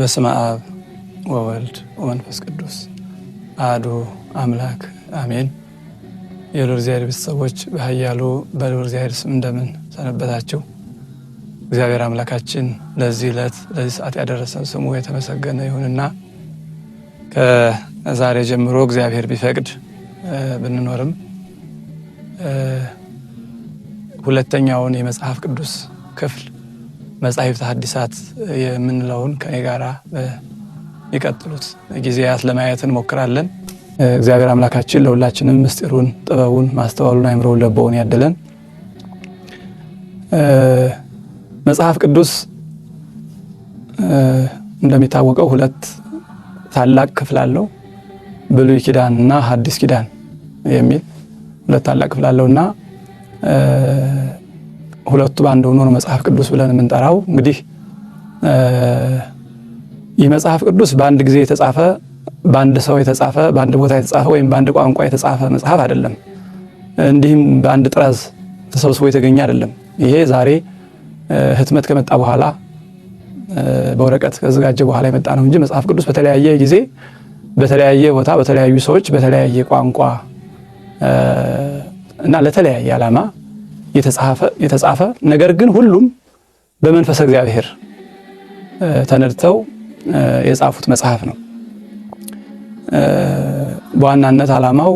በስመ አብ ወወልድ ወመንፈስ ቅዱስ አሐዱ አምላክ አሜን። የልዑል እግዚአብሔር ቤተሰቦች በኃያሉ በልዑል እግዚአብሔር ስም እንደምን ሰነበታችሁ? እግዚአብሔር አምላካችን ለዚህ ዕለት ለዚህ ሰዓት ያደረሰን ስሙ የተመሰገነ ይሁንና ከዛሬ ጀምሮ እግዚአብሔር ቢፈቅድ ብንኖርም ሁለተኛውን የመጽሐፍ ቅዱስ ክፍል መጻሕፍተ ሐዲሳት የምንለውን ከኔ ጋር የሚቀጥሉት ጊዜያት ለማየት እንሞክራለን። እግዚአብሔር አምላካችን ለሁላችንም ምስጢሩን፣ ጥበቡን፣ ማስተዋሉን፣ አይምሮውን፣ ለቦውን ያደለን። መጽሐፍ ቅዱስ እንደሚታወቀው ሁለት ታላቅ ክፍል አለው። ብሉይ ኪዳን እና ሐዲስ ኪዳን የሚል ሁለት ታላቅ ክፍል አለው እና ሁለቱ በአንድ ሆኖ ነው መጽሐፍ ቅዱስ ብለን የምንጠራው። እንግዲህ ይህ መጽሐፍ ቅዱስ በአንድ ጊዜ የተጻፈ በአንድ ሰው የተጻፈ በአንድ ቦታ የተጻፈ ወይም በአንድ ቋንቋ የተጻፈ መጽሐፍ አይደለም። እንዲህም በአንድ ጥራዝ ተሰብስቦ የተገኘ አይደለም። ይሄ ዛሬ ህትመት ከመጣ በኋላ በወረቀት ከዘጋጀ በኋላ የመጣ ነው እንጂ መጽሐፍ ቅዱስ በተለያየ ጊዜ በተለያየ ቦታ በተለያዩ ሰዎች በተለያየ ቋንቋ እና ለተለያየ ዓላማ የተጻፈ ነገር ግን ሁሉም በመንፈሰ እግዚአብሔር ተነድተው የጻፉት መጽሐፍ ነው። በዋናነት ዓላማው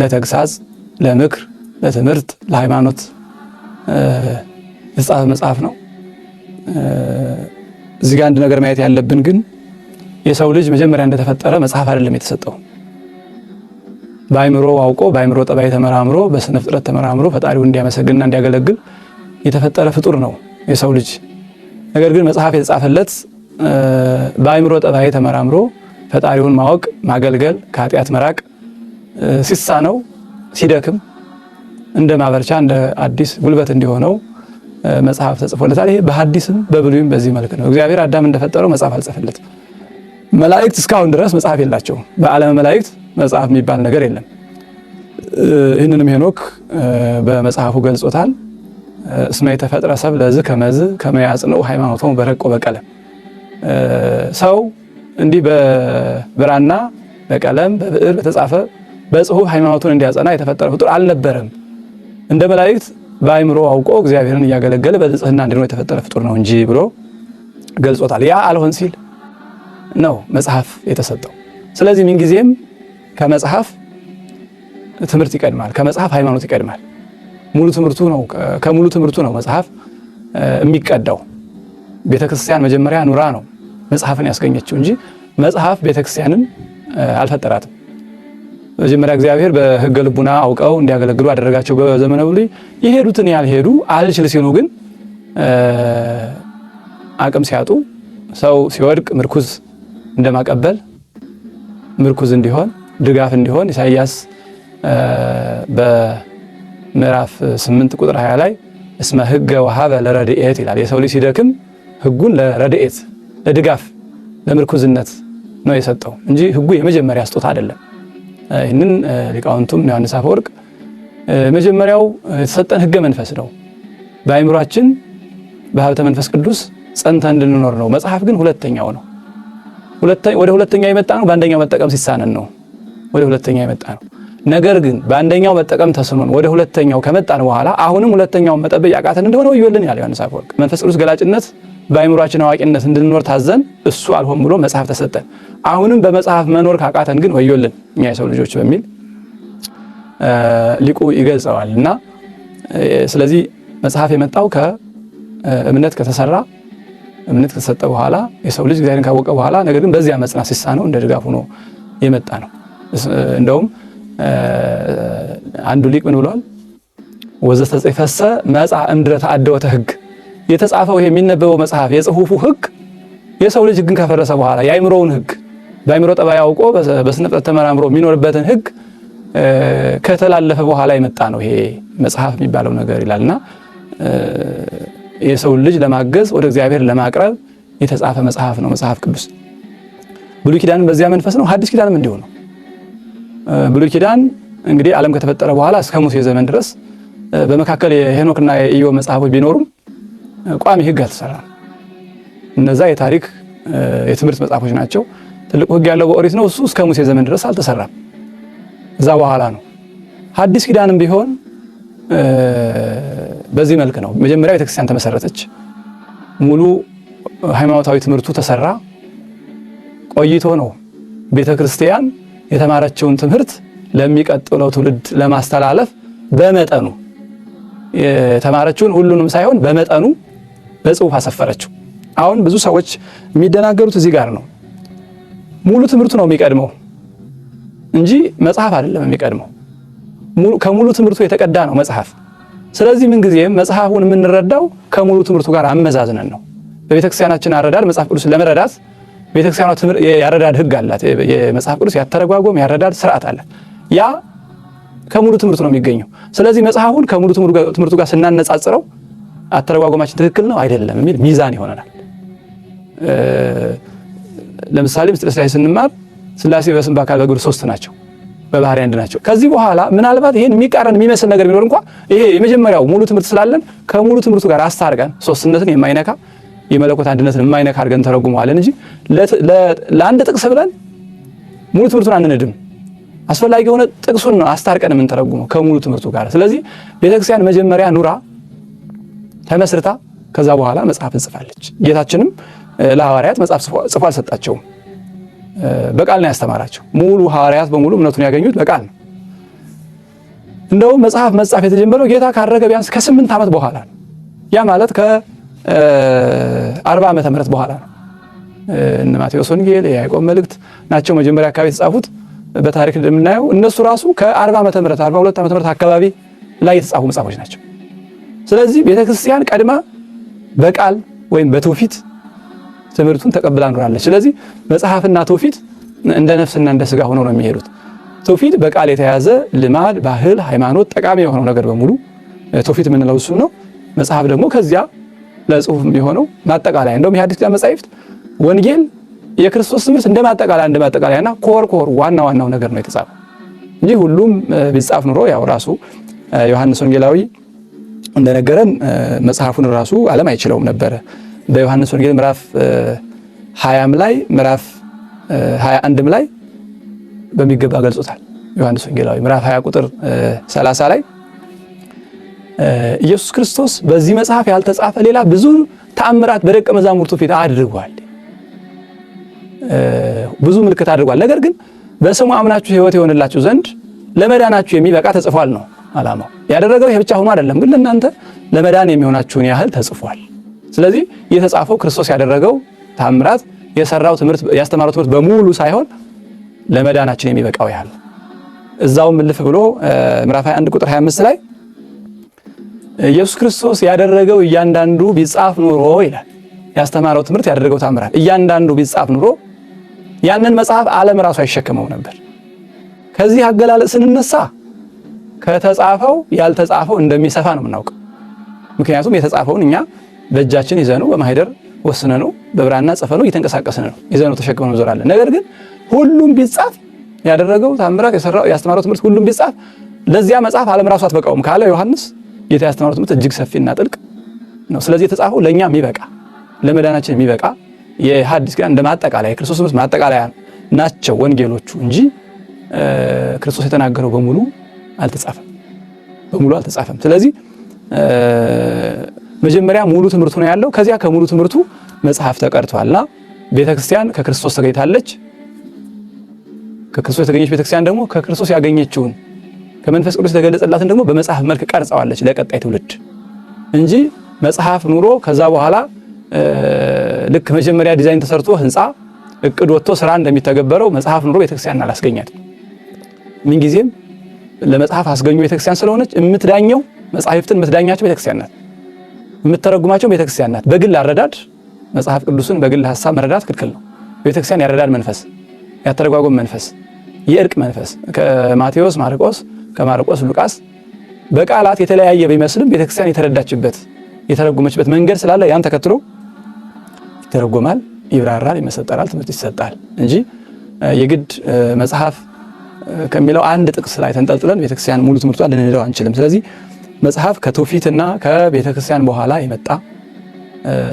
ለተግሳጽ፣ ለምክር፣ ለትምህርት፣ ለሃይማኖት የተጻፈ መጽሐፍ ነው። እዚህ ጋር አንድ ነገር ማየት ያለብን ግን የሰው ልጅ መጀመሪያ እንደተፈጠረ መጽሐፍ አይደለም የተሰጠው በአይምሮ አውቆ በአይምሮ ጠባይ ተመራምሮ በስነ ፍጥረት ተመራምሮ ፈጣሪውን እንዲያመሰግንና እንዲያገለግል የተፈጠረ ፍጡር ነው የሰው ልጅ። ነገር ግን መጽሐፍ የተጻፈለት በአይምሮ ጠባይ ተመራምሮ ፈጣሪውን ማወቅ፣ ማገልገል፣ ከኃጢአት መራቅ ሲሳነው፣ ሲደክም እንደ ማበርቻ እንደ አዲስ ጉልበት እንዲሆነው መጽሐፍ ተጽፎለታል። ይሄ በሐዲስም በብሉይም በዚህ መልክ ነው። እግዚአብሔር አዳም እንደፈጠረው መጽሐፍ አልጻፈለትም። መላእክት እስካሁን ድረስ መጽሐፍ የላቸውም። በዓለም መላእክት መጽሐፍ የሚባል ነገር የለም። ይህንንም ሄኖክ በመጽሐፉ ገልጾታል። እስመ የተፈጥረ ሰብ ለዝ ከመዝ ነው ሃይማኖቶም በረቆ በቀለም ሰው እንዲህ በብራና በቀለም በብዕር በተጻፈ በጽሁፍ ሃይማኖቱን እንዲያጸና የተፈጠረ ፍጡር አልነበረም። እንደ መላእክት በአእምሮ አውቆ እግዚአብሔርን እያገለገለ በንጽህና እንዲኖር የተፈጠረ ፍጡር ነው እንጂ ብሎ ገልጾታል። ያ አልሆን ሲል ነው መጽሐፍ የተሰጠው። ስለዚህ ምንጊዜም ከመጽሐፍ ትምህርት ይቀድማል፣ ከመጽሐፍ ሃይማኖት ይቀድማል። ሙሉ ትምህርቱ ነው ከሙሉ ትምህርቱ ነው መጽሐፍ የሚቀዳው። ቤተክርስቲያን መጀመሪያ ኑራ ነው መጽሐፍን ያስገኘችው እንጂ መጽሐፍ ቤተክርስቲያንን አልፈጠራትም። መጀመሪያ እግዚአብሔር በሕገ ልቡና አውቀው እንዲያገለግሉ አደረጋቸው። በዘመነ ብሉይ የሄዱትን ያልሄዱ አልችል ሲሉ ግን አቅም ሲያጡ ሰው ሲወድቅ ምርኩዝ እንደማቀበል ምርኩዝ እንዲሆን ድጋፍ እንዲሆን ኢሳይያስ በምዕራፍ 8 ቁጥር 20 ላይ እስመ ህገ ወሀበ ለረድኤት ይላል። የሰው ልጅ ሲደክም ህጉን ለረድኤት ለድጋፍ ለምርኩዝነት ነው የሰጠው እንጂ ህጉ የመጀመሪያ ስጦታ አይደለም። ይህንን ሊቃውንቱም ዮሐንስ አፈወርቅ መጀመሪያው የተሰጠን ህገ መንፈስ ነው፣ በአይምሯችን በሀብተ መንፈስ ቅዱስ ጸንተ እንድንኖር ነው። መጽሐፍ ግን ሁለተኛው ነው። ወደ ሁለተኛው የመጣ ነው፣ በአንደኛው መጠቀም ሲሳነን ነው። ወደ ሁለተኛ የመጣ ነው። ነገር ግን በአንደኛው መጠቀም ተስኖን ወደ ሁለተኛው ከመጣን በኋላ አሁንም ሁለተኛውን መጠበቅ ያቃተን እንደሆነ ወዮልን ያለ ዮሐንስ አፈወርቅ። መንፈስ ቅዱስ ገላጭነት በአይምሯችን አዋቂነት እንድንኖር ታዘን እሱ አልሆን ብሎ መጽሐፍ ተሰጠን። አሁንም በመጽሐፍ መኖር ካቃተን ግን ወዮልን እኛ የሰው ልጆች በሚል ሊቁ ይገልጸዋል። እና ስለዚህ መጽሐፍ የመጣው ከእምነት ከተሰራ እምነት ከተሰጠ በኋላ የሰው ልጅ እግዚአብሔርን ካወቀ በኋላ ነገር ግን በዚያ መጽናት ነው እንደ ድጋፍ ሆኖ የመጣ ነው። እንደውም አንዱ ሊቅ ምን ብሏል? ወዘተ ጽፈሰ መጻ እምድረት አደወተ ህግ የተጻፈው ይሄ የሚነበበው መጽሐፍ የጽሁፉ ህግ የሰው ልጅ ህግን ካፈረሰ በኋላ የአይምሮውን ህግ በአይምሮ ጠባይ አውቆ በስነ ተመራምሮ የሚኖርበትን ህግ ከተላለፈ በኋላ የመጣ ነው ይሄ መጽሐፍ የሚባለው ነገር ይላልና የሰው ልጅ ለማገዝ ወደ እግዚአብሔር ለማቅረብ የተጻፈ መጽሐፍ ነው መጽሐፍ ቅዱስ። ብሉይ ኪዳንም በዚያ መንፈስ ነው፣ ሐዲስ ኪዳንም እንዲሁ ነው። ብሉይ ኪዳን እንግዲህ ዓለም ከተፈጠረ በኋላ እስከ ሙሴ ዘመን ድረስ በመካከል የሄኖክና የኢዮ መጽሐፎች ቢኖሩም ቋሚ ሕግ አልተሰራም። እነዛ የታሪክ የትምህርት መጽሐፎች ናቸው። ትልቁ ሕግ ያለው በኦሪት ነው። እሱ እስከ ሙሴ ዘመን ድረስ አልተሰራም። እዛ በኋላ ነው። ሐዲስ ኪዳንም ቢሆን በዚህ መልክ ነው። መጀመሪያ ቤተክርስቲያን ተመሰረተች። ሙሉ ሃይማኖታዊ ትምህርቱ ተሰራ። ቆይቶ ነው ቤተክርስቲያን የተማረችውን ትምህርት ለሚቀጥለው ትውልድ ለማስተላለፍ በመጠኑ የተማረችውን ሁሉንም ሳይሆን በመጠኑ በጽሁፍ አሰፈረችው። አሁን ብዙ ሰዎች የሚደናገሩት እዚህ ጋር ነው። ሙሉ ትምህርቱ ነው የሚቀድመው እንጂ መጽሐፍ አይደለም የሚቀድመው። ከሙሉ ትምህርቱ የተቀዳ ነው መጽሐፍ። ስለዚህ ምንጊዜም መጽሐፉን የምንረዳው ከሙሉ ትምህርቱ ጋር አመዛዝነን ነው። በቤተክርስቲያናችን አረዳድ መጽሐፍ ቅዱስን ለመረዳት ቤተክርስቲያኗ ያረዳድ ህግ አላት። የመጽሐፍ ቅዱስ ያተረጓጎም ያረዳድ ስርዓት አላት። ያ ከሙሉ ትምህርቱ ነው የሚገኘው። ስለዚህ መጽሐፉን ከሙሉ ትምህርቱ ጋር ስናነጻጽረው አተረጓጎማችን ትክክል ነው አይደለም የሚል ሚዛን ይሆነናል። ለምሳሌ ምስጢረ ሥላሴ ስንማር ስላሴ በስም በአካል በግብር ሶስት ናቸው፣ በባህሪ አንድ ናቸው። ከዚህ በኋላ ምናልባት ይሄን የሚቃረን የሚመስል ነገር ቢኖር እንኳ ይሄ የመጀመሪያው ሙሉ ትምህርት ስላለን ከሙሉ ትምህርቱ ጋር አስታርቀን ሶስትነትን የማይነካ የመለኮት አንድነትን የማይነካ አድርገን ተረጉመዋለን እንጂ ለአንድ ጥቅስ ብለን ሙሉ ትምህርቱን አንንድም። አስፈላጊ የሆነ ጥቅሱን ነው አስታርቀን የምንተረጉመው ከሙሉ ትምህርቱ ጋር። ስለዚህ ቤተክርስቲያን መጀመሪያ ኑራ ተመስርታ ከዛ በኋላ መጽሐፍ እንጽፋለች። ጌታችንም ለሐዋርያት መጽሐፍ ጽፎ አልሰጣቸውም፣ በቃል ነው ያስተማራቸው። ሙሉ ሐዋርያት በሙሉ እምነቱን ያገኙት በቃል ነው። እንደውም መጽሐፍ መጽሐፍ የተጀመረው ጌታ ካረገ ቢያንስ ከስምንት ዓመት በኋላ ነው። ያ ማለት አርባ ዓመተ ምህረት በኋላ ነው። እነ ማቴዎስ ወንጌል የያዕቆብ መልእክት ናቸው መጀመሪያ አካባቢ የተጻፉት። በታሪክ እንደምናየው እነሱ ራሱ ከ40 ዓመተ ምህረት 42 ዓመተ ምህረት አካባቢ ላይ የተጻፉ መጽሐፎች ናቸው። ስለዚህ ቤተክርስቲያን ቀድማ በቃል ወይም በትውፊት ትምህርቱን ተቀብላ ኖራለች። ስለዚህ መጽሐፍና ትውፊት እንደ ነፍስና እንደ ስጋ ሆነው ነው የሚሄዱት። ትውፊት በቃል የተያዘ ልማድ፣ ባህል፣ ሃይማኖት ጠቃሚ የሆነው ነገር በሙሉ ትውፊት የምንለው እሱ ነው። መጽሐፍ ደግሞ ከዚያ ለጽሁፍ የሚሆነው ማጠቃለያ እንደውም የሐዲስ ኪዳን መጻሕፍት ወንጌል የክርስቶስ ትምህርት እንደ ማጠቃለያ እንደ ማጠቃለያና ኮር ኮር ዋና ዋናው ነገር ነው የተጻፈው እንጂ ሁሉም ቢጻፍ ኑሮ ያው ራሱ ዮሐንስ ወንጌላዊ እንደነገረን መጽሐፉን ራሱ ዓለም አይችለውም ነበረ። በዮሐንስ ወንጌል ምዕራፍ 20 ም ላይ ምዕራፍ 21 ም ላይ በሚገባ ገልጾታል። ዮሐንስ ወንጌላዊ ምዕራፍ 20 ቁጥር 30 ላይ ኢየሱስ ክርስቶስ በዚህ መጽሐፍ ያልተጻፈ ሌላ ብዙ ተአምራት በደቀ መዛሙርቱ ፊት አድርጓል። ብዙ ምልክት አድርጓል። ነገር ግን በስሙ አምናችሁ ሕይወት የሆነላችሁ ዘንድ ለመዳናችሁ የሚበቃ ተጽፏል ነው አላማው። ያደረገው ይህ ብቻ ሆኖ አይደለም፣ ግን ለእናንተ ለመዳን የሚሆናችሁን ያህል ተጽፏል። ስለዚህ የተጻፈው ክርስቶስ ያደረገው ተአምራት፣ የሰራው ትምህርት፣ ያስተማረው ትምህርት በሙሉ ሳይሆን ለመዳናችን የሚበቃው ያህል እዛውም እልፍ ብሎ ምዕራፍ 21 ቁጥር 25 ላይ ኢየሱስ ክርስቶስ ያደረገው እያንዳንዱ ቢጻፍ ኑሮ ይላል ያስተማረው ትምህርት ያደረገው ታምራት እያንዳንዱ ቢጻፍ ኑሮ ያንን መጽሐፍ ዓለም ራሱ አይሸከመው ነበር። ከዚህ አገላለጽ ስንነሳ ከተጻፈው ያልተጻፈው እንደሚሰፋ ነው የምናውቀው። ምክንያቱም የተጻፈውን እኛ በእጃችን ይዘኑ በማህደር ወስነኑ በብራና ጽፈኑ እየተንቀሳቀስን ነው ይዘኑ ተሸክመን እንዞራለን። ነገር ግን ሁሉም ቢጻፍ ያደረገው ታምራት ያስተማረው ትምህርት ሁሉም ቢጻፍ ለዚያ መጽሐፍ ዓለም ራሱ አትበቃውም ካለ ዮሐንስ ጌታ ያስተማረው ትምህርት እጅግ ሰፊና ጥልቅ ነው። ስለዚህ የተጻፈው ለእኛ የሚበቃ ለመዳናችን የሚበቃ የሐዲስ ኪዳን እንደ ማጠቃለያ የክርስቶስ ትምህርት ማጠቃለያ ናቸው ወንጌሎቹ እንጂ ክርስቶስ የተናገረው በሙሉ አልተጻፈም፣ በሙሉ አልተጻፈም። ስለዚህ መጀመሪያ ሙሉ ትምህርቱ ነው ያለው። ከዚያ ከሙሉ ትምህርቱ መጽሐፍ ተቀርቷልና ቤተክርስቲያን ከክርስቶስ ተገኝታለች። ከክርስቶስ የተገኘች ቤተክርስቲያን ደግሞ ከክርስቶስ ያገኘችውን ከመንፈስ ቅዱስ የተገለጸላትን ደግሞ በመጽሐፍ መልክ ቀርጸዋለች ለቀጣይ ትውልድ እንጂ መጽሐፍ ኑሮ ከዛ በኋላ ልክ መጀመሪያ ዲዛይን ተሰርቶ ህንፃ እቅድ ወጥቶ ስራ እንደሚተገበረው መጽሐፍ ኑሮ ቤተክርስቲያን አላስገኛል። ምንጊዜም ለመጽሐፍ አስገኙ ቤተክርስቲያን ስለሆነች የምትዳኘው መጽሐፍትን የምትዳኛቸው ቤተክርስቲያን ናት። የምትተረጉማቸው ቤተክርስቲያን ናት። በግል አረዳድ መጽሐፍ ቅዱስን በግል ሀሳብ መረዳት ክልክል ነው። ቤተክርስቲያን ያረዳድ መንፈስ፣ ያተረጓጎም መንፈስ፣ የእርቅ መንፈስ ከማቴዎስ ማርቆስ ከማርቆስ ሉቃስ በቃላት የተለያየ ቢመስልም ቤተክርስቲያን የተረዳችበት የተረጎመችበት መንገድ ስላለ ያን ተከትሎ ይተረጎማል፣ ይብራራል፣ ይመሰጠራል፣ ትምህርት ይሰጣል እንጂ የግድ መጽሐፍ ከሚለው አንድ ጥቅስ ላይ ተንጠልጥለን ቤተክርስቲያን ሙሉ ትምህርቷን ልንሄደው አንችልም። ስለዚህ መጽሐፍ ከትውፊትና ከቤተክርስቲያን በኋላ የመጣ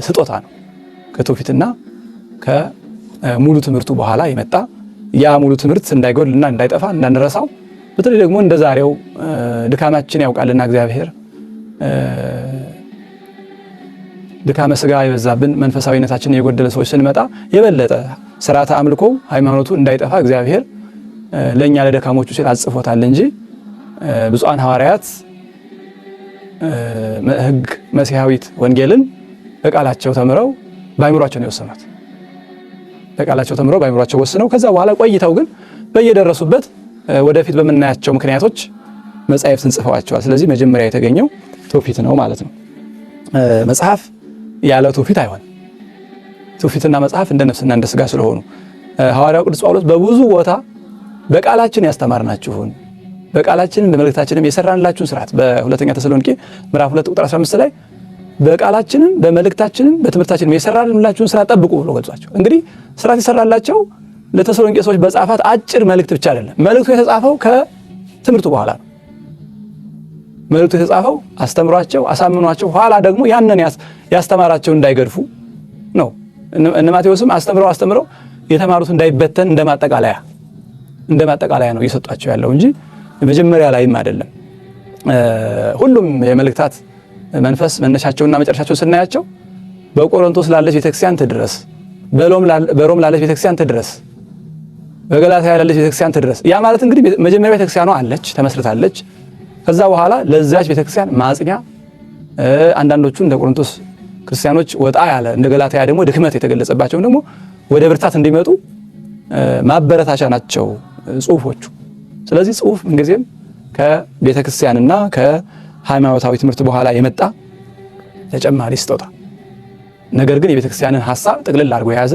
ስጦታ ነው። ከትውፊትና ከሙሉ ትምህርቱ በኋላ የመጣ ያ ሙሉ ትምህርት እንዳይጎልና እንዳይጠፋ እንዳንረሳው በተለይ ደግሞ እንደ ዛሬው ድካማችን ያውቃልና እግዚአብሔር ድካመ ስጋ የበዛብን መንፈሳዊነታችን የጎደለ ሰዎች ስንመጣ የበለጠ ስርዓተ አምልኮ ሃይማኖቱ እንዳይጠፋ እግዚአብሔር ለእኛ ለደካሞቹ ሲል አጽፎታል እንጂ ብፁዓን ሐዋርያት ሕግ መሲሐዊት ወንጌልን በቃላቸው ተምረው በአይምሯቸው ነው የወሰኗት። በቃላቸው ተምረው በአይምሯቸው ወስነው ከዛ በኋላ ቆይተው ግን በየደረሱበት ወደፊት በምናያቸው ምክንያቶች መጻሕፍትን ጽፈዋቸዋል። ስለዚህ መጀመሪያ የተገኘው ትውፊት ነው ማለት ነው። መጽሐፍ ያለ ትውፊት አይሆንም። ትውፊትና መጽሐፍ እንደ ነፍስና እንደ ስጋ ስለሆኑ ሐዋርያው ቅዱስ ጳውሎስ በብዙ ቦታ በቃላችን ያስተማርናችሁን በቃላችን በመልእክታችንም የሰራንላችሁን ስርዓት በሁለተኛ ተሰሎንቄ ምዕራፍ 2 ቁጥር 15 ላይ በቃላችንም በመልእክታችንም በትምህርታችንም የሰራንላችሁን ስራ ጠብቁ ብሎ ገልጿቸው እንግዲህ ስርዓት የሰራላቸው ለተሰሎንቄ ሰዎች በጻፋት አጭር መልእክት ብቻ አይደለም። መልእክቱ የተጻፈው ከትምህርቱ በኋላ ነው። መልእክቱ የተጻፈው አስተምሯቸው፣ አሳምኗቸው ኋላ ደግሞ ያንን ያስተማራቸው እንዳይገድፉ ነው። እነ ማቴዎስም አስተምረው አስተምረው የተማሩት እንዳይበተን እንደማጠቃለያ እንደማጠቃለያ ነው እየሰጧቸው ያለው እንጂ መጀመሪያ ላይም አይደለም። ሁሉም የመልእክታት መንፈስ መነሻቸውና መጨረሻቸው ስናያቸው በቆሮንቶስ ላለች ቤተክርስቲያን ትድረስ፣ በሮም ላለች ቤተክርስቲያን ትድረስ በገላትያ ያለች ቤተክርስቲያን ትድረስ። ያ ማለት እንግዲህ መጀመሪያ ቤተክርስቲያኗ አለች ተመስርታለች። ከዛ በኋላ ለዛች ቤተክርስቲያን ማጽኛ አንዳንዶቹ እንደ ቆሮንቶስ ክርስቲያኖች ወጣ ያለ እንደ ገላትያ ደግሞ ድክመት የተገለጸባቸውም ደግሞ ወደ ብርታት እንዲመጡ ማበረታቻ ናቸው ጽሁፎቹ። ስለዚህ ጽሁፍ ምንጊዜም ከቤተክርስቲያንና ከሃይማኖታዊ ትምህርት በኋላ የመጣ ተጨማሪ ስጦታ ነገር ግን የቤተክርስቲያንን ሀሳብ ጥቅልል አድርጎ የያዘ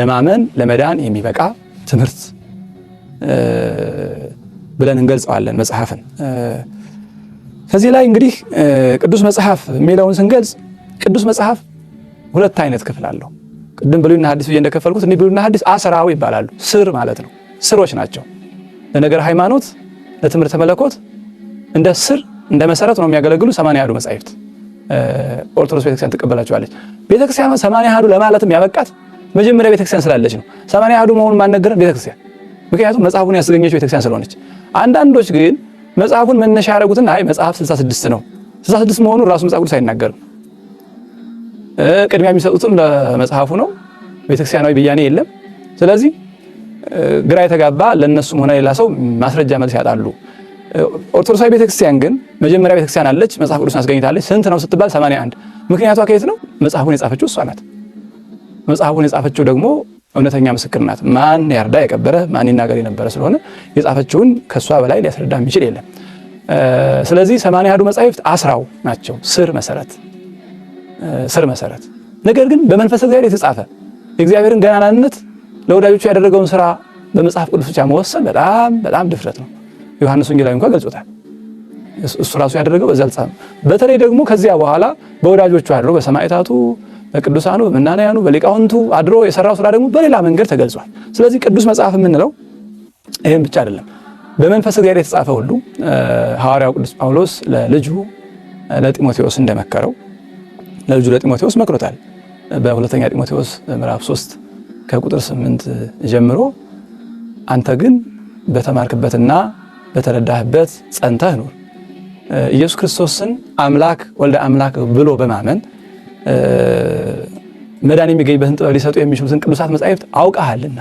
ለማመን ለመዳን የሚበቃ ትምህርት ብለን እንገልጸዋለን መጽሐፍን። ከዚህ ላይ እንግዲህ ቅዱስ መጽሐፍ የሚለውን ስንገልጽ ቅዱስ መጽሐፍ ሁለት አይነት ክፍል አለው። ቅድም ብሉይና ሐዲስ ብዬ እንደከፈልኩት እኔ ብሉይና ሐዲስ አስራዊ ይባላሉ። ስር ማለት ነው። ስሮች ናቸው። ለነገር ሃይማኖት፣ ለትምህርተ መለኮት እንደ ስር እንደ መሰረት ነው የሚያገለግሉ ሰማንያ አሐዱ መጻሕፍት ኦርቶዶክስ ቤተክርስቲያን ትቀበላቸዋለች። ቤተክርስቲያን ሰማንያ አሐዱ ለማለትም ያበቃት መጀመሪያ ቤተክርስቲያን ስላለች ነው። ሰማንያ አሐዱ መሆኑን ማን ነገረን? ቤተክርስቲያን። ምክንያቱም መጽሐፉን ያስገኘችው ቤተክርስቲያን ስለሆነች። አንዳንዶች ግን መጽሐፉን መነሻ ያደረጉትና አይ መጽሐፍ 66 ነው 66 መሆኑን ራሱ መጽሐፍ ቅዱስ አይናገርም። ቅድሚያ የሚሰጡትም ለመጽሐፉ ነው። ቤተክርስቲያናዊ ብያኔ የለም። ስለዚህ ግራ የተጋባ ለእነሱም ሆነ ሌላ ሰው ማስረጃ መልስ ያጣሉ። ኦርቶዶክሳዊ ቤተክርስቲያን ግን መጀመሪያ ቤተክርስቲያን አለች፣ መጽሐፍ ቅዱስን አስገኝታለች። ስንት ነው ስትባል 81 ምክንያቷ ከየት ነው? መጽሐፉን የጻፈችው እሷ ናት። መጽሐፉን የጻፈችው ደግሞ እውነተኛ ምስክር ናት። ማን ያርዳ የቀበረ ማን ይናገር የነበረ ስለሆነ የጻፈችውን ከእሷ በላይ ሊያስረዳ የሚችል የለም። ስለዚህ ሰማንያ አሐዱ መጻሕፍት አስራው ናቸው ስር መሰረት ስር መሰረት። ነገር ግን በመንፈስ እግዚአብሔር የተጻፈ የእግዚአብሔርን ገናናነት ለወዳጆቹ ያደረገውን ስራ በመጽሐፍ ቅዱስ ብቻ መወሰን በጣም በጣም ድፍረት ነው። ዮሐንስ ወንጌላዊ እንኳ ገልጾታል። እሱ ራሱ ያደረገው በዛ አልጻፈም። በተለይ ደግሞ ከዚያ በኋላ በወዳጆቹ አድሮ በሰማዕታቱ በቅዱሳኑ በመናንያኑ በሊቃውንቱ አድሮ የሰራው ስራ ደግሞ በሌላ መንገድ ተገልጿል። ስለዚህ ቅዱስ መጽሐፍ የምንለው ይህም ብቻ አይደለም። በመንፈስ እግዚአብሔር የተጻፈ ሁሉ ሐዋርያው ቅዱስ ጳውሎስ ለልጁ ለጢሞቴዎስ እንደመከረው ለልጁ ለጢሞቴዎስ መክሮታል። በሁለተኛ ጢሞቴዎስ ምዕራፍ 3 ከቁጥር 8 ጀምሮ አንተ ግን በተማርክበትና በተረዳህበት ጸንተህ ኑር ኢየሱስ ክርስቶስን አምላክ ወልደ አምላክ ብሎ በማመን መዳን የሚገኝበትን ጥበብ ሊሰጡ የሚችሉትን ቅዱሳት መጻሕፍት አውቀሃልና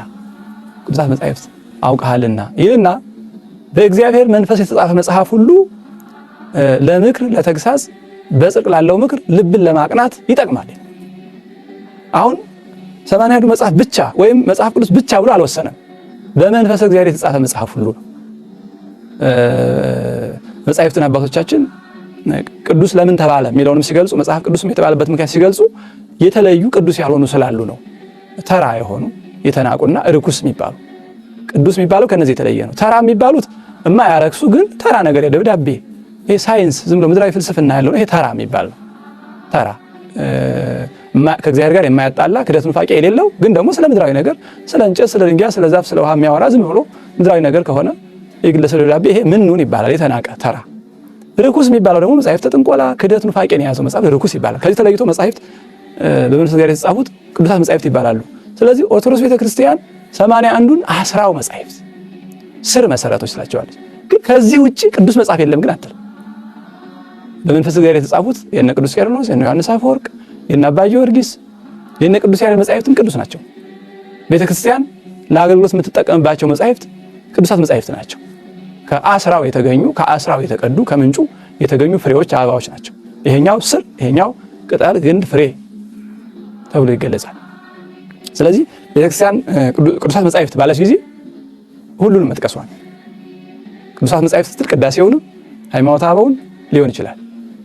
ቅዱሳት መጻሕፍት አውቀሃልና ይህና በእግዚአብሔር መንፈስ የተጻፈ መጽሐፍ ሁሉ ለምክር ለተግሳጽ፣ በጽድቅ ላለው ምክር ልብን ለማቅናት ይጠቅማል። አሁን ሰማንያ አንዱ መጽሐፍ ብቻ ወይም መጽሐፍ ቅዱስ ብቻ ብሎ አልወሰነም። በመንፈስ እግዚአብሔር የተጻፈ መጽሐፍ ሁሉ ነው። መጻሕፍትን አባቶቻችን ቅዱስ ለምን ተባለ የሚለውንም ሲገልጹ መጽሐፍ ቅዱስም የተባለበት ምክንያት ሲገልጹ የተለዩ ቅዱስ ያልሆኑ ስላሉ ነው። ተራ የሆኑ የተናቁና ርኩስ የሚባሉ ቅዱስ የሚባለው ከነዚህ የተለየ ነው። ተራ የሚባሉት እማያረክሱ ግን ተራ ነገር የደብዳቤ ይሄ ሳይንስ ዝም ብሎ ምድራዊ ፍልስፍና ያለው ይሄ ተራ የሚባል ነው። ተራ ከእግዚአብሔር ጋር የማያጣላ ክደት፣ ኑፋቄ የሌለው ግን ደግሞ ስለ ምድራዊ ነገር ስለ እንጨት፣ ስለ ድንጋይ፣ ስለ ዛፍ፣ ስለ ውሃ የሚያወራ ዝም ብሎ ምድራዊ ነገር ከሆነ የግለሰብ ደብዳቤ ይሄ ምኑን ይባላል። የተናቀ ተራ ርኩስ የሚባለው ደግሞ መጽሐፍተ ጥንቆላ፣ ክደት ኑፋቄን የያዘው መጽሐፍ ርኩስ ይባላል። ከዚህ ተለይቶ መጽሐፍት በመንፈስ ጋር የተጻፉት ቅዱሳት መጽሐፍት ይባላሉ። ስለዚህ ኦርቶዶክስ ቤተክርስቲያን ሰማንያ አንዱን አስራው መጻሕፍት ስር መሰረቶች ትላቸዋለች። ግን ከዚህ ውጭ ቅዱስ መጽሐፍ የለም ግን አትል በመንፈስ ጋር የተጻፉት የነ ቅዱስ ቄርሎስ የነ ዮሐንስ አፈወርቅ የነ አባ ጊዮርጊስ የነ ቅዱስ ያሬድ መጻሕፍትም ቅዱስ ናቸው። ቤተክርስቲያን ለአገልግሎት የምትጠቀምባቸው መጻሕፍት ቅዱሳት መጻሕፍት ናቸው። ከአስራው የተገኙ ከአስራው የተቀዱ ከምንጩ የተገኙ ፍሬዎች አበባዎች ናቸው። ይሄኛው ስር፣ ይሄኛው ቅጠል፣ ግንድ፣ ፍሬ ተብሎ ይገለጻል። ስለዚህ ቤተክርስቲያን ቅዱሳት መጻሕፍት ባለች ጊዜ ሁሉንም መጥቀሷል። ቅዱሳት መጻሕፍት ስትል ቅዳሴውንም ሃይማኖተ አበውን ሊሆን ይችላል።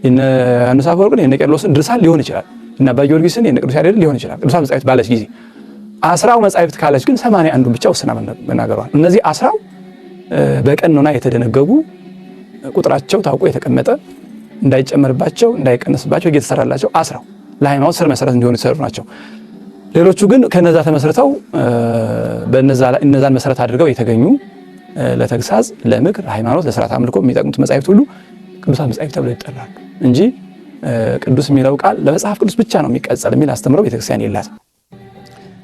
የነ ዮሐንስ አፈወርቅን የነ ቄርሎስን ድርሳን ሊሆን ይችላል። እነ አባ ጊዮርጊስን የነ ቅዱስ ያሬድን ሊሆን ይችላል። ቅዱሳት መጻሕፍት ባለች ጊዜ አስራው መጻሕፍት ካለች ግን ሰማንያ አንዱን ብቻ ወስና መናገሯል። እነዚህ አስራው በቀኖና የተደነገጉ ቁጥራቸው ታውቆ የተቀመጠ እንዳይጨመርባቸው እንዳይቀነስባቸው እየተሰራላቸው አስራው ለሃይማኖት ስር መሰረት እንዲሆኑ የተሰሩ ናቸው። ሌሎቹ ግን ከነዛ ተመስርተው እነዛን መሰረት አድርገው የተገኙ ለተግሳጽ፣ ለምክር፣ ሃይማኖት፣ ለስርዓት አምልኮ የሚጠቅሙት መጻሕፍት ሁሉ ቅዱሳት መጻሕፍት ተብለው ይጠራሉ እንጂ ቅዱስ የሚለው ቃል ለመጽሐፍ ቅዱስ ብቻ ነው የሚቀጸል የሚል አስተምረው ቤተክርስቲያን የላትም።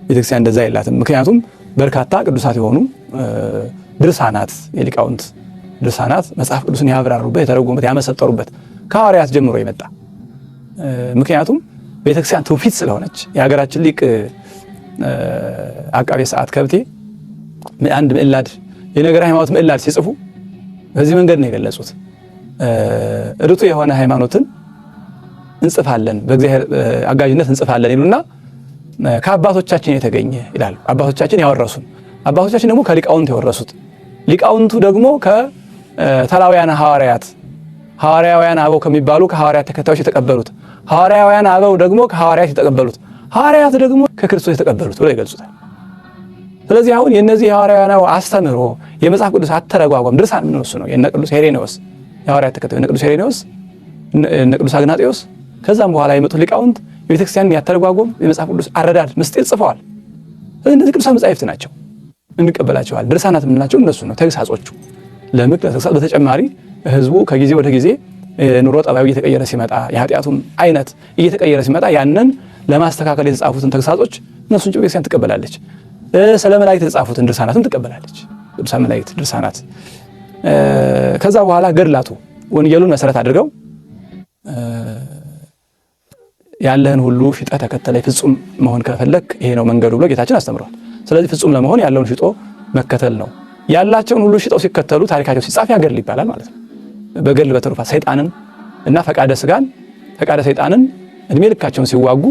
ቤተክርስቲያን እንደዛ የላትም። ምክንያቱም በርካታ ቅዱሳት የሆኑ ድርሳናት የሊቃውንት ድርሳናት መጽሐፍ ቅዱስን ያብራሩበት የተረጎሙበት ያመሰጠሩበት ከሐዋርያት ጀምሮ የመጣ ምክንያቱም ቤተክርስቲያን ትውፊት ስለሆነች የሀገራችን ሊቅ አቃቤ ሰዓት ከብቴ አንድ ምዕላድ የነገር ሃይማኖት ምዕላድ ሲጽፉ በዚህ መንገድ ነው የገለጹት። እርጡ የሆነ ሃይማኖትን እንጽፋለን በእግዚአብሔር አጋዥነት እንጽፋለን ይሉና ከአባቶቻችን የተገኘ ይላሉ። አባቶቻችን ያወረሱን፣ አባቶቻችን ደግሞ ከሊቃውንት የወረሱት ሊቃውንቱ ደግሞ ከተላውያን ሐዋርያት ሐዋርያውያን አበው ከሚባሉ ከሐዋርያት ተከታዮች የተቀበሉት ሐዋርያውያን አበው ደግሞ ከሐዋርያት የተቀበሉት ሐዋርያት ደግሞ ከክርስቶስ የተቀበሉት ብሎ ይገልጹታል። ስለዚህ አሁን የእነዚህ የሐዋርያውያን አበው አስተምህሮ የመጽሐፍ ቅዱስ አተረጓጓም ድርሳን ምን ነው የነ ቅዱስ ሄሬኔዎስ የሐዋርያት ተከታዮች የነ ቅዱስ ሄሬኔዎስ እነ ቅዱስ አግናጤዎስ ከዛም በኋላ የመጡት ሊቃውንት የቤተክርስቲያንን ያተረጓጎም የመጽሐፍ ቅዱስ አረዳድ ምስጢር ጽፈዋል። እነዚህ ቅዱሳን መጻሕፍት ናቸው። እንቀበላቸዋል። ድርሳናት የምንላቸው እነሱ ነው ተግሳጾቹ። ለምን ከተግሳጽ በተጨማሪ ህዝቡ ከጊዜ ወደ ጊዜ ኑሮ ጠባዩ እየተቀየረ ሲመጣ የኃጢአቱም አይነት እየተቀየረ ሲመጣ ያንን ለማስተካከል የተጻፉትን ተግሳጾች እነሱን ጭ ቤተክርስቲያን ትቀበላለች። ስለ መላእክት የተጻፉትን ድርሳናትም ትቀበላለች። ቅዱሳን መላእክት ድርሳናት። ከዛ በኋላ ገድላቱ ወንጌሉን መሰረት አድርገው ያለህን ሁሉ ሽጠህ ተከተለ ፍጹም መሆን ከፈለክ ይሄ ነው መንገዱ ብሎ ጌታችን አስተምረዋል። ስለዚህ ፍጹም ለመሆን ያለውን ሽጦ መከተል ነው። ያላቸውን ሁሉ ሽጠው ሲከተሉ ታሪካቸው ሲጻፍ ያ ገድል ይባላል ማለት ነው። በገድል በትሩፋት ሰይጣንን እና ፈቃደ ስጋን ፈቃደ ሰይጣንን እድሜ ልካቸውን ሲዋጉ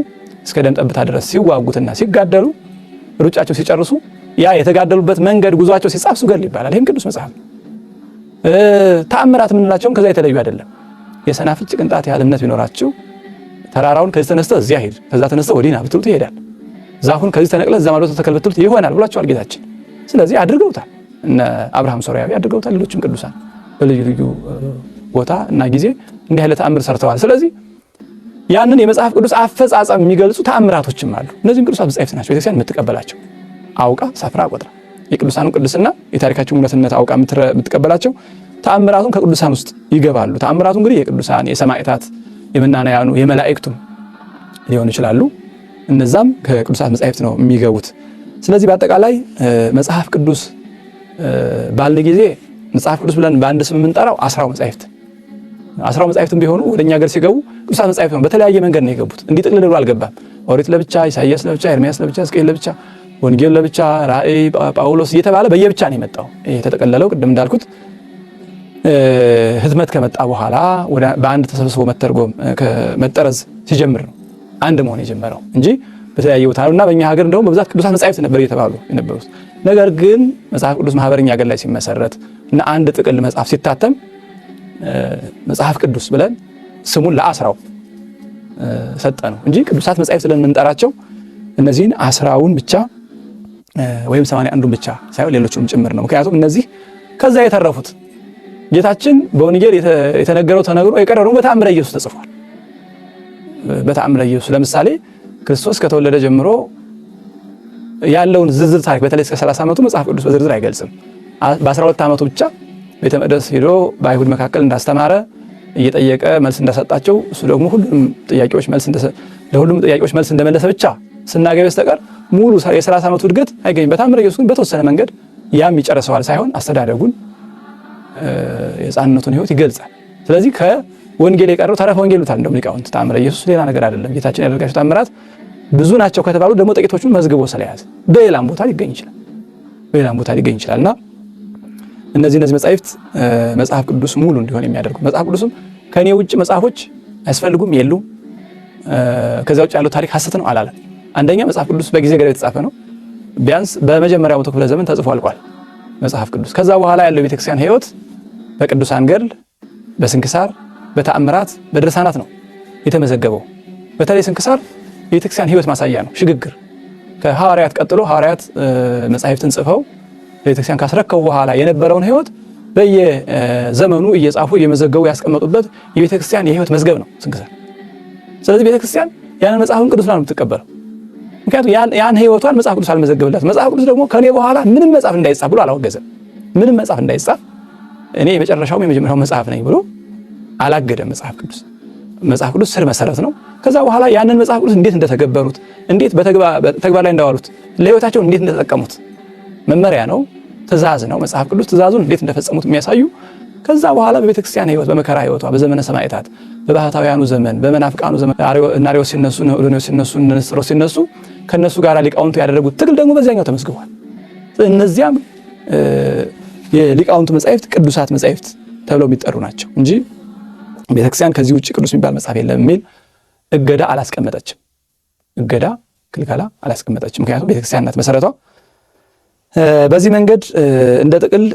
እስከ ደም ጠብታ ድረስ ሲዋጉትና ሲጋደሉ ሩጫቸው ሲጨርሱ ያ የተጋደሉበት መንገድ ጉዟቸው ሲጻፍ እሱ ገድል ይባላል። ይህም ቅዱስ መጽሐፍ ተአምራት የምንላቸውም ከዛ የተለዩ አይደለም። የሰናፍጭ ቅንጣት ያህል እምነት ቢኖራችሁ ተራራውን ከዚህ ተነስተ እዚያ ሄድ ከዛ ተነስተ ወዲና ብትሉት ይሄዳል። ዛፉን ከዚህ ተነቅለ እዛ ማዶ ተተከል ይሆናል ብሏቸዋል ጌታችን። ስለዚህ አድርገውታል። እነ አብርሃም ሶርያዊ አድርገውታል። ሌሎችም ቅዱሳን በልዩ ልዩ ቦታ እና ጊዜ እንዲህ አይነት ተአምር ሰርተዋል። ስለዚህ ያንን የመጽሐፍ ቅዱስ አፈጻጸም የሚገልጹ ተአምራቶችም አሉ። እነዚህም ቅዱሳት መጻሕፍት ናቸው ቤተክርስቲያን የምትቀበላቸው አውቃ ሰፍራ ቆጥራ የቅዱሳኑ ቅዱስና የታሪካቸው እውነትነት አውቃ የምትቀበላቸው ተአምራቱን ከቅዱሳን ውስጥ ይገባሉ። ተአምራቱ እንግዲህ የቅዱሳን የሰማዕታት የመናንያኑ የመላእክቱም ሊሆኑ ይችላሉ። እነዛም ከቅዱሳት መጻሕፍት ነው የሚገቡት። ስለዚህ በአጠቃላይ መጽሐፍ ቅዱስ ባልን ጊዜ መጽሐፍ ቅዱስ ብለን በአንድ ስም የምንጠራው አስራው መጻሕፍት አስራው መጻሕፍትም ቢሆኑ ወደ እኛ ሀገር ሲገቡ ቅዱሳት መጻሕፍት ነው። በተለያየ መንገድ ነው የገቡት። እንዲጥቅልሉ አልገባም። ኦሪት ለብቻ፣ ኢሳያስ ለብቻ፣ ኤርሚያስ ለብቻ፣ ሕዝቅኤል ለብቻ፣ ወንጌል ለብቻ፣ ራእይ፣ ጳውሎስ እየተባለ በየብቻ ነው የመጣው። የተጠቀለለው ቅድም እንዳልኩት ህትመት ከመጣ በኋላ በአንድ ተሰብስቦ መተርጎም መጠረዝ ሲጀምር ነው። አንድ መሆን የጀመረው እንጂ በተለያየ ቦታ ነው እና በእኛ ሀገር እንደውም በብዛት ቅዱሳት መጻሕፍት ነበር እየተባሉ የነበሩት። ነገር ግን መጽሐፍ ቅዱስ ማህበረኛ ገር ላይ ሲመሰረት እና አንድ ጥቅል መጽሐፍ ሲታተም መጽሐፍ ቅዱስ ብለን ስሙን ለአስራው ሰጠ ነው እንጂ ቅዱሳት መጻሕፍት የምንጠራቸው እነዚህን አስራውን ብቻ ወይም ሰማንያ አንዱን ብቻ ሳይሆን ሌሎችም ጭምር ነው። ምክንያቱም እነዚህ ከዛ የተረፉት ጌታችን በወንጌል የተነገረው ተነግሮ የቀረሩ በታምረ ኢየሱስ ተጽፏል። በተአምረ ኢየሱስ ለምሳሌ ክርስቶስ ከተወለደ ጀምሮ ያለውን ዝርዝር ታሪክ በተለይ እስከ 30 ዓመቱ መጽሐፍ ቅዱስ በዝርዝር አይገልጽም። በ12 ዓመቱ ብቻ ቤተ መቅደስ ሄዶ በአይሁድ መካከል እንዳስተማረ እየጠየቀ መልስ እንዳሰጣቸው እሱ ደግሞ ሁሉም ጥያቄዎች መልስ ለሁሉም ጥያቄዎች መልስ እንደመለሰ ብቻ ስናገኝ በስተቀር ሙሉ የ30 ዓመቱ እድገት አይገኝም። በተአምረ ኢየሱስ ግን በተወሰነ መንገድ ያም ይጨርሰዋል ሳይሆን አስተዳደጉን የህፃንነቱን ህይወት ይገልጻል። ስለዚህ ወንጌል የቀረው ተረፈ ወንጌል ይሉታል። እንደውም ሊቃውንት ተአምረ ኢየሱስ ሌላ ነገር አይደለም። ጌታችን ያደርጋቸው ተአምራት ብዙ ናቸው ከተባሉ ደግሞ ጥቂቶቹን መዝግቦ ስለያዘ በሌላም ቦታ ሊገኝ ይችላል። በሌላም ቦታ ሊገኝ ይችላልና እነዚህ እነዚህ መጻሕፍት መጽሐፍ ቅዱስ ሙሉ እንዲሆን የሚያደርጉ መጽሐፍ ቅዱስም ከእኔ ውጭ መጽሐፎች አያስፈልጉም የሉም፣ ከዚያ ውጭ ያለው ታሪክ ሐሰት ነው አላለም። አንደኛ መጽሐፍ ቅዱስ በጊዜ ገደብ የተጻፈ ነው። ቢያንስ በመጀመሪያው መቶ ክፍለ ዘመን ተጽፎ አልቋል መጽሐፍ ቅዱስ። ከዛ በኋላ ያለው የቤተክርስቲያን ሕይወት በቅዱሳን ገድል፣ በስንክሳር በተአምራት በድርሳናት ነው የተመዘገበው። በተለይ ስንክሳር የቤተክርስቲያን ህይወት ማሳያ ነው። ሽግግር ከሐዋርያት ቀጥሎ ሐዋርያት መጻሕፍትን ጽፈው ቤተክርስቲያን ካስረከቡ በኋላ የነበረውን ህይወት በየዘመኑ እየጻፉ እየመዘገቡ ያስቀመጡበት የቤተክርስቲያን የህይወት መዝገብ ነው ስንክሳር። ስለዚህ ቤተክርስቲያን ያንን መጽሐፍን ቅዱስ ነው የምትቀበለው። ምክንያቱም ያን ህይወቷን መጽሐፍ ቅዱስ አልመዘገብላት። መጽሐፍ ቅዱስ ደግሞ ከኔ በኋላ ምንም መጽሐፍ እንዳይጻፍ ብሎ አላወገዘም። ምንም መጽሐፍ እንዳይጻፍ እኔ የመጨረሻውም የመጀመሪያው መጽሐፍ ነኝ ብሎ አላገደም መጽሐፍ ቅዱስ። መጽሐፍ ቅዱስ ስር መሰረት ነው። ከዛ በኋላ ያንን መጽሐፍ ቅዱስ እንዴት እንደተገበሩት፣ እንዴት በተግባር ላይ እንዳዋሉት፣ ለህይወታቸው እንዴት እንደተጠቀሙት መመሪያ ነው፣ ትእዛዝ ነው። መጽሐፍ ቅዱስ ትእዛዙን እንዴት እንደፈጸሙት የሚያሳዩ ከዛ በኋላ በቤተክርስቲያን ህይወት በመከራ ህይወቷ በዘመነ ሰማዕታት በባህታውያኑ ዘመን በመናፍቃኑ ዘመን ናሪዎስ ሲነሱ ዶኒዎስ ሲነሱ ንስጥሮስ ሲነሱ ከእነሱ ጋር ሊቃውንቱ ያደረጉት ትግል ደግሞ በዚያኛው ተመዝግቧል። እነዚያም የሊቃውንቱ መጻሕፍት ቅዱሳት መጻሕፍት ተብለው የሚጠሩ ናቸው እንጂ ቤተክርስቲያን ከዚህ ውጭ ቅዱስ የሚባል መጽሐፍ የለም የሚል እገዳ አላስቀመጠችም። እገዳ ክልከላ አላስቀመጠችም። ምክንያቱም ቤተክርስቲያን ናት መሰረቷ። በዚህ መንገድ እንደ ጥቅል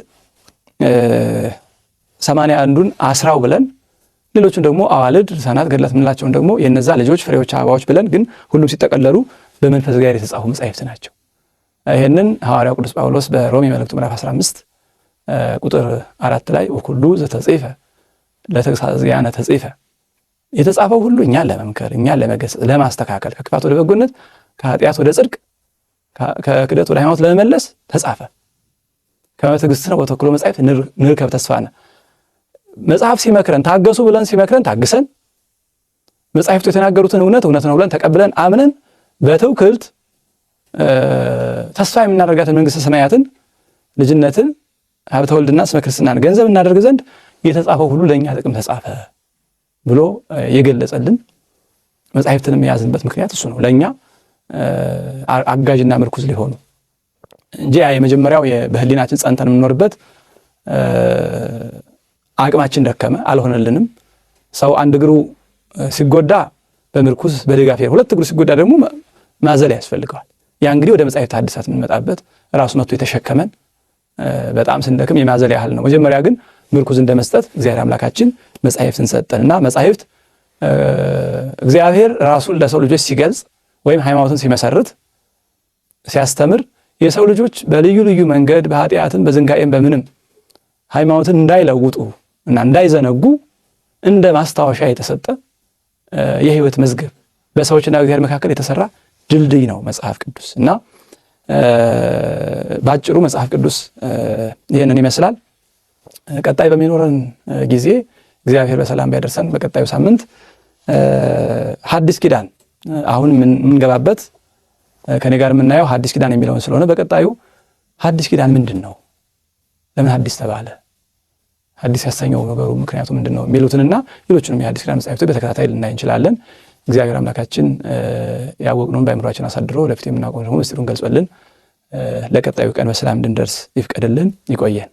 ሰማንያ አንዱን አስራው ብለን ሌሎቹን ደግሞ አዋልድ፣ ድርሳናት፣ ገድላት የምንላቸውን ደግሞ የነዛ ልጆች ፍሬዎች፣ አበባዎች ብለን ግን ሁሉም ሲጠቀለሉ በመንፈስ ጋር የተጻፉ መጻሕፍት ናቸው። ይህንን ሐዋርያው ቅዱስ ጳውሎስ በሮሜ መልእክቱ ምዕራፍ 15 ቁጥር አራት ላይ ወኩሉ ዘተጽፈ ለተግሳጽ ተጽፈ የተጻፈው ሁሉ እኛን ለመምከር እኛን ለመገሰጽ ለማስተካከል ከክፋት ወደ በጎነት ከኃጢአት ወደ ጽድቅ ከክደት ወደ ሃይማኖት ለመመለስ ተጻፈ ከመ ነው ወተክሎ መጻሕፍት ንርከብ ተስፋነ መጽሐፍ ሲመክረን ታገሱ ብለን ሲመክረን ታግሰን መጻሕፍቱ የተናገሩትን እውነት እውነት ነው ብለን ተቀብለን አምነን በትውክልት ተስፋ የምናደርጋትን መንግሥተ ሰማያትን ልጅነትን ሀብተ ወልድና ስመ ክርስትናን ገንዘብ እናደርግ ዘንድ የተጻፈው ሁሉ ለእኛ ጥቅም ተጻፈ ብሎ የገለጸልን መጻሕፍትን የያዝንበት ምክንያት እሱ ነው። ለእኛ አጋዥና ምርኩዝ ሊሆኑ እንጂ የመጀመሪያው በሕሊናችን ጸንተን የምንኖርበት አቅማችን ደከመ፣ አልሆነልንም። ሰው አንድ እግሩ ሲጎዳ በምርኩዝ በድጋፍ ሁለት እግሩ ሲጎዳ ደግሞ ማዘል ያስፈልገዋል። ያ እንግዲህ ወደ መጽሐፍ ታድሳት የምንመጣበት ራሱ መጥቶ የተሸከመን በጣም ስንደክም የማዘል ያህል ነው። መጀመሪያ ግን ምርኩዝ እንደመስጠት እግዚአብሔር አምላካችን መጻሕፍትን ሰጠንና መጻሕፍት እግዚአብሔር ራሱን ለሰው ልጆች ሲገልጽ ወይም ሃይማኖትን ሲመሰርት ሲያስተምር የሰው ልጆች በልዩ ልዩ መንገድ በኃጢአትን በዝንጋኤም በምንም ሃይማኖትን እንዳይለውጡ እና እንዳይዘነጉ እንደ ማስታወሻ የተሰጠ የህይወት መዝገብ በሰዎችና እግዚአብሔር መካከል የተሰራ ድልድይ ነው መጽሐፍ ቅዱስ እና በአጭሩ መጽሐፍ ቅዱስ ይህንን ይመስላል። ቀጣይ በሚኖረን ጊዜ እግዚአብሔር በሰላም ቢያደርሰን በቀጣዩ ሳምንት ሐዲስ ኪዳን አሁን የምንገባበት ከኔ ጋር የምናየው ሐዲስ ኪዳን የሚለውን ስለሆነ በቀጣዩ ሐዲስ ኪዳን ምንድን ነው? ለምን ሐዲስ ተባለ? ሐዲስ ያሰኘው ነገሩ ምክንያቱ ምንድን ነው? የሚሉትንና ሌሎችንም የሐዲስ ኪዳን መጻሕፍቶች በተከታታይ ልናይ እንችላለን። እግዚአብሔር አምላካችን ያወቅነውን በአእምሯችን አሳድሮ ለፊት የምናውቀው ደግሞ ምስጢሩን ገልጾልን ለቀጣዩ ቀን በሰላም እንድንደርስ ይፍቀድልን። ይቆየን።